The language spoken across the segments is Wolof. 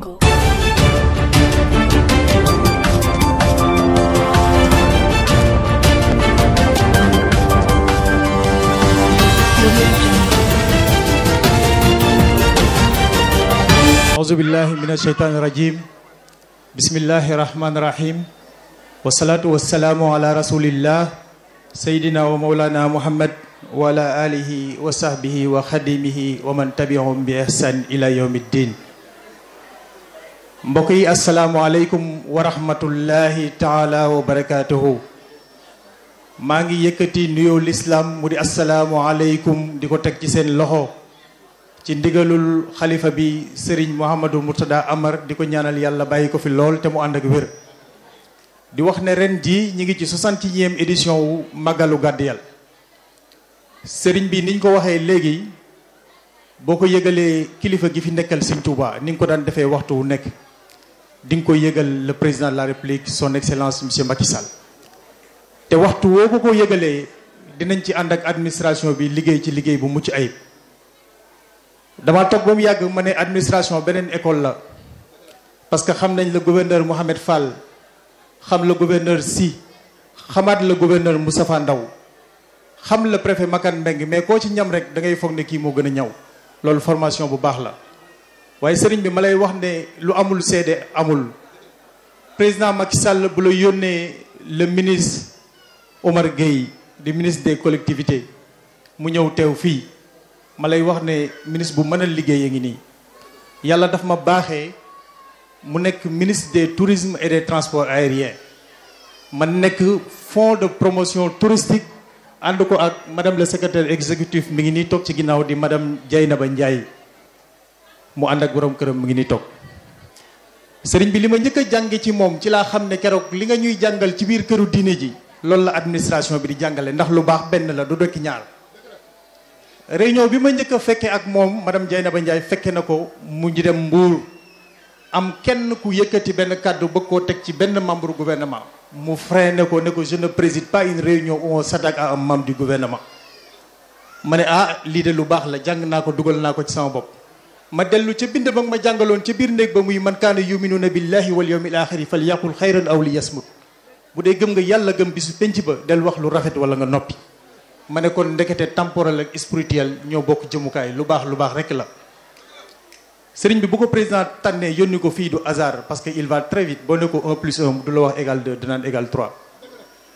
jungle auzu billahi min asheytaani rajim bismillahi rahmaani rahim wasalaatu wasalaamu ala rasulillah sayidina wa maulana muhammad wa ala alihi wa sahbihi wa xadimihi wa man tabiahum bi ihsan ila yawmi ddin mbokk yi asalaamualeykum wa rahmatullahi taala wa barakaatuhu maa ngi yëkkati nuyoo lislaam mu di asalaamualeykum di ko teg ci seen loxo ci ndigalul xalifa bi sëriñ Mouhamadou Mourtada Amar di ko ñaanal yàlla bàyyi ko fi lool te mu ànd ak wér di wax ne ren ji ñi ngi ci soixantième édition wu màggalu Gàddiyel sëriñ bi niñ ko waxee léegi boo ko yëgalee kilifa gi fi nekkal sëñ Tuuba ni nga ko daan defee waxtu wu nekk di nga ko yëgal le président de la république son excellence monsieur Macky Sall te waxtu woo ko ko yëgalee dinañ ci ànd ak administration bi liggéey ci liggéey bu mucc ayib dama toog ba mu yàgg ma ne administration beneen école la parce que xam nañ la gouverneur Mohamed Fall xam la gouverneur si xamaat la gouverneur Moustapha Ndaw xam la préfet Makan Mbeng mais koo ci ñam rek da ngay foog ne kii moo gën a ñaw loolu formation bu baax la waaye sëriñ bi ma lay wax ne lu amul seede amul président Macky Sall bu la yónnee le ministre Omar Gueye di ministre des collectivités mu ñëw teew fii ma lay wax ne ministre bu mën a liggéey a ngi nii yàlla daf ma baaxee mu nekk ministre des tourisme et des transports aériens ma nekk fonds de promotion touristique ànd ko ak madame le secrétaire exécutif mi ngi nii toog ci ginnaaw di madame ba Ndiaye mu ànd ak borom këram mu ngi ni toog sëriñ bi li ma njëkk a jànge ci moom ci laa xam ne keroog li nga ñuy jàngal ci biir këru diine ji loolu la administration bi di jàngale ndax lu baax benn la du dokki ñaar réunion bi ma njëkk a fekkee ak moom madame Dieynaba Ndiaye fekke na ko mu ngi dem mbuur am kenn ku yëkkati benn kàddu bëgg koo teg ci benn membre gouvernement mu freiné ko ne ko je ne préside pas une réunion où on s'attaque à un membre du gouvernement ma ne ah lii de lu baax la jàng naa ko dugal naa ko ci sama bopp ma dellu ca bind ba ma jàngaloon ca biir néeg ba muy man kaana yuminuuna billahi wal yawmil axiri fal yaqul xayran aw li yasmut bu dee gëm nga yàlla gëm bi bisu penc ba del wax lu rafet wala nga noppi ma ne kon ndekete temporel ak spirituel ñoo bokk jëmukaay lu baax lu baax rek la sëriñ bi bu ko président tànnee yónni ko fii du hasard parce que il va très vite boo ne ko un plus un du la wax égal deux dinaan égal trois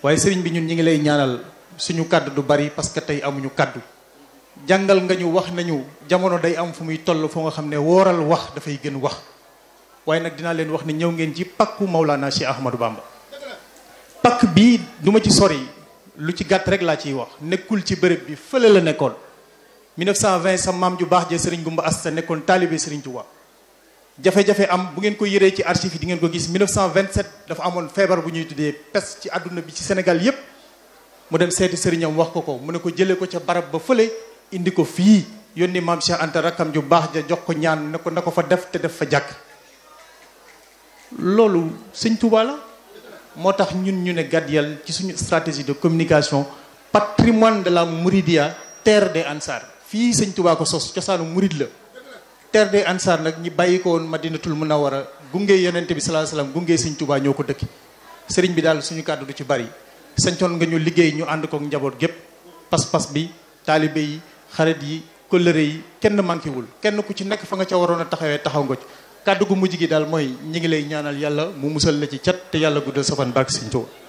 waaye sëriñ bi ñun ñi ngi lay ñaanal suñu kàddu du bari parce que tey amuñu kàddu jàngal nga ñu wax nañu jamono day am fu muy toll foo nga xam ne wooral wax dafay gën wax waaye nag dinaa leen wax ne ñëw ngeen ci pakku Maulana Cheikh Ahmadou Bamba pakk bii duma ma ci sori lu ci gàtt rek laa ciy wax nekkul ci bërëb bi fële la nekkoon 1920 sa maam ju baax ja Serigne Gumba Asta nekkoon taalibe Serigne Touba jafe-jafe am bu ngeen ko yëree ci archive yi di ngeen ko gis 1927 dafa amoon feebar bu ñuy tuddee pes ci àdduna bi ci Sénégal yépp mu dem seeti sëriñam wax ko ko mu ne ko jëlee ko ca barab ba fële indi ko fii yónni maam Cheikh Anta rakkam ju baax ja jox ko ñaan na ko na ko fa def te def fa jàkk loolu sëñ Touba la moo tax ñun ñu ne Gadeyelle ci suñu stratégie de communication patrimoine de la Mouridia terre des Ansar fii sëñ Touba ko sos cosaanu Mouride la terre de Ansar nag ñi bàyyi ko woon a Munawara gunge yonente bi salaa salaam gunge sëñ Touba ñoo ko dëkki sëriñ bi daal suñu kàddu du ci bari sañcoon nga ñu liggéey ñu ànd kook njaboot gépp pas-pas bi taalibe xarit yi kóllëre yi kenn manquéwul kenn ku ci nekk fa nga ca waroon a taxawee taxaw nga ci kàddu gu mujj gi daal mooy ñi ngi lay ñaanal yàlla mu musal la ci cat te yàlla guddal sa fan barke Sëriñ